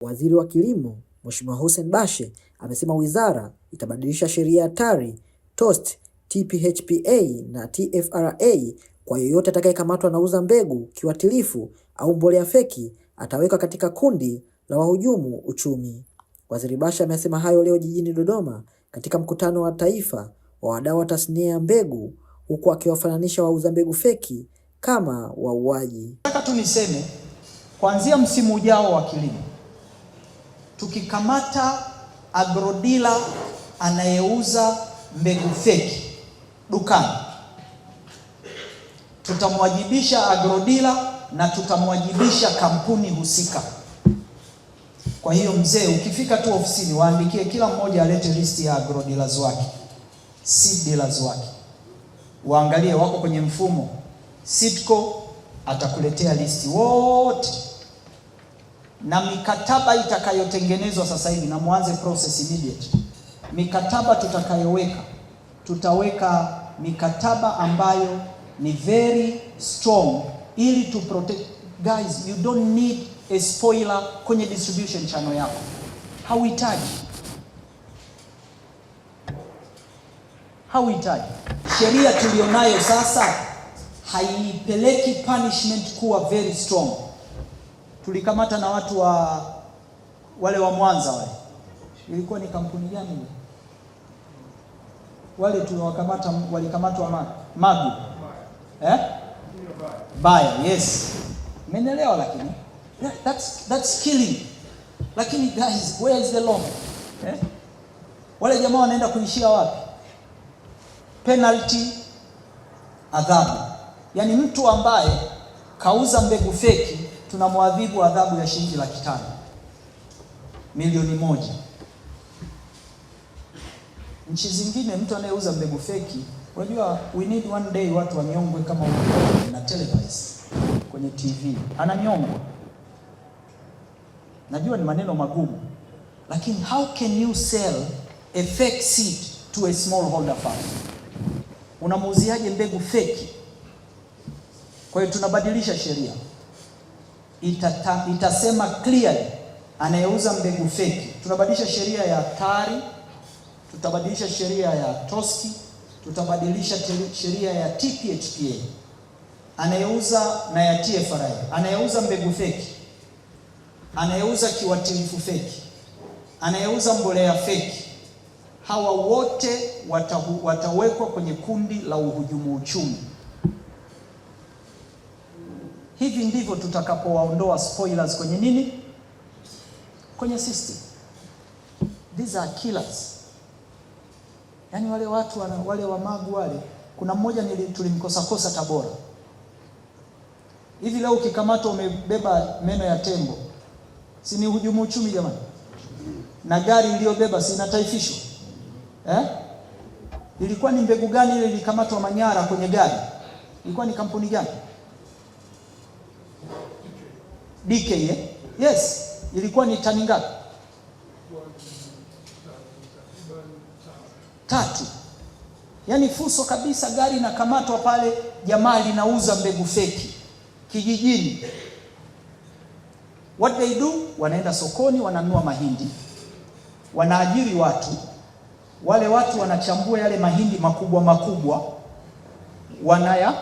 Waziri wa Kilimo Mheshimiwa Hussein Bashe amesema wizara itabadilisha sheria ya TARI, TOST, TPHPA na TFRA kwa yeyote atakayekamatwa anauza mbegu, kiuatilifu au mbolea feki atawekwa katika kundi la wahujumu uchumi. Waziri Bashe amesema hayo leo jijini Dodoma katika mkutano wa taifa wa wadau wa tasnia ya mbegu huku akiwafananisha wauza mbegu feki kama wauaji. Nataka tu niseme kuanzia msimu ujao wa kilimo tukikamata agrodila anayeuza mbegu feki dukani, tutamwajibisha agrodila na tutamwajibisha kampuni husika. Kwa hiyo mzee, ukifika tu ofisini, waandikie kila mmoja alete listi ya agrodilas wake, seed dealers wake, waangalie wako kwenye mfumo. Sitco atakuletea listi wote na mikataba itakayotengenezwa sasa hivi, na mwanze process immediate. Mikataba tutakayoweka, tutaweka mikataba ambayo ni very strong ili to protect guys. You don't need a spoiler kwenye distribution channel yako, hauhitaji hauhitaji. Sheria tuliyonayo sasa haipeleki punishment kuwa very strong tulikamata na watu wa wale wa Mwanza wale, ilikuwa ni kampuni gani wale tuliwakamata, walikamatwa Magu eh? Baya, yes, umeelewa. Lakini that's, that's killing. Lakini guys, where is the law eh? Wale jamaa wanaenda kuishia wapi? Penalty, adhabu. Yaani mtu ambaye kauza mbegu feki tunamwadhibu adhabu ya shilingi laki tano milioni moja. Nchi zingine mtu anayeuza mbegu feki, unajua we need one day watu wanyongwe kama na television kwenye TV ananyongwa. Najua ni maneno magumu, lakini how can you sell a fake seed to a holder farm? Unamuuziaje mbegu feki? Kwa hiyo tunabadilisha sheria itata, itasema clearly anayeuza mbegu feki. Tunabadilisha sheria ya TARI, tutabadilisha sheria ya TOSCI, tutabadilisha sheria ya TPHPA anayeuza na ya TFRI, anayeuza mbegu feki, anayeuza kiuatilifu feki, anayeuza mbolea feki, hawa wote watahu, watawekwa kwenye kundi la uhujumu uchumi. Hivi ndivyo tutakapowaondoa spoilers kwenye nini, kwenye system. These are killers. Yaani wale watu wana, wale wamagu wale, kuna mmoja tulimkosakosa Tabora. Hivi leo ukikamatwa umebeba meno ya tembo, si ni hujumu uchumi jamani? Na gari iliyobeba si inataifishwa eh? Ilikuwa ni mbegu gani ile ilikamatwa Manyara kwenye gari? Ilikuwa ni kampuni gani? DK eh? Yes, ilikuwa ni tani ngapi? Tatu. Yaani fuso kabisa, gari inakamatwa pale, jamaa linauza mbegu feki kijijini. What they do, wanaenda sokoni wananunua mahindi, wanaajiri watu. Wale watu wanachambua yale mahindi makubwa makubwa, wanaya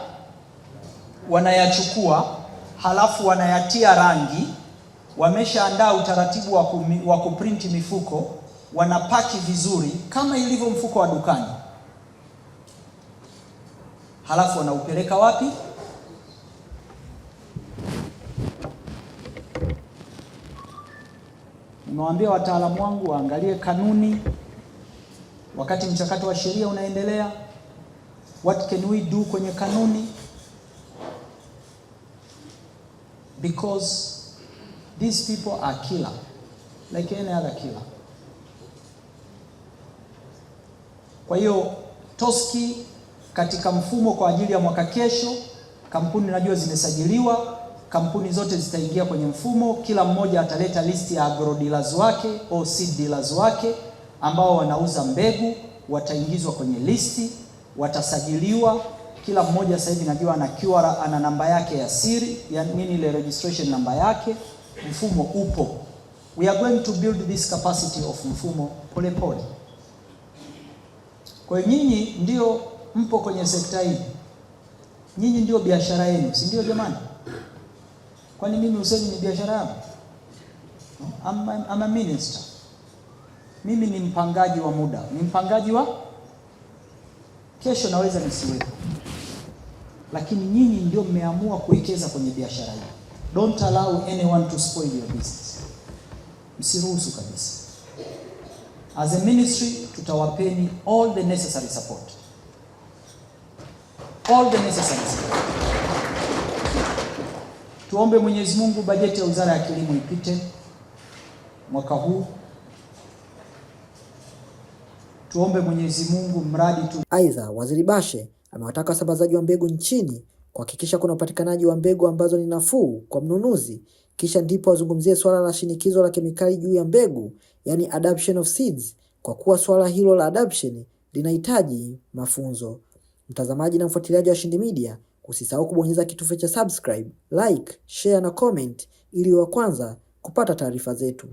wanayachukua halafu wanayatia rangi. Wameshaandaa utaratibu wa, kumi, wa kuprinti mifuko, wanapaki vizuri kama ilivyo mfuko wa dukani, halafu wanaupeleka wapi? Nimewaambia wataalamu wangu waangalie kanuni wakati mchakato wa sheria unaendelea. What can we do kwenye kanuni because these people are killer like any other killer. Kwa hiyo Toski katika mfumo kwa ajili ya mwaka kesho, kampuni najua zimesajiliwa, kampuni zote zitaingia kwenye mfumo. Kila mmoja ataleta listi ya agro dealers wake au seed dealers wake ambao wanauza mbegu, wataingizwa kwenye listi, watasajiliwa kila mmoja sasa hivi najua ana QR, ana namba yake ya siri ya nini, ile registration namba yake. Mfumo upo, we are going to build this capacity of mfumo polepole. Kwa nyinyi ndio mpo kwenye sekta hii, nyinyi ndio biashara yenu, si ndio jamani? Kwani mimi useni ni biashara yangu? I'm, I'm a minister. Mimi ni mpangaji wa muda, ni mpangaji wa kesho, naweza nisiwepo lakini nyinyi ndio mmeamua kuwekeza kwenye biashara hii. Don't allow anyone to spoil your business. Msiruhusu kabisa. As a ministry tutawapeni all the necessary support. All the necessary support. Tuombe Mwenyezi Mungu bajeti ya Wizara ya Kilimo ipite mwaka huu. Tuombe Mwenyezi Mungu mradi tu. Aidha, Waziri Bashe Amewataka wasambazaji wa mbegu nchini kuhakikisha kuna upatikanaji wa mbegu ambazo ni nafuu kwa mnunuzi, kisha ndipo wazungumzie swala la shinikizo la kemikali juu ya mbegu, yani adoption of seeds, kwa kuwa swala hilo la adoption linahitaji mafunzo. Mtazamaji na mfuatiliaji wa Washindi Media, usisahau kubonyeza kitufe cha subscribe, like, share na comment ili wa kwanza kupata taarifa zetu.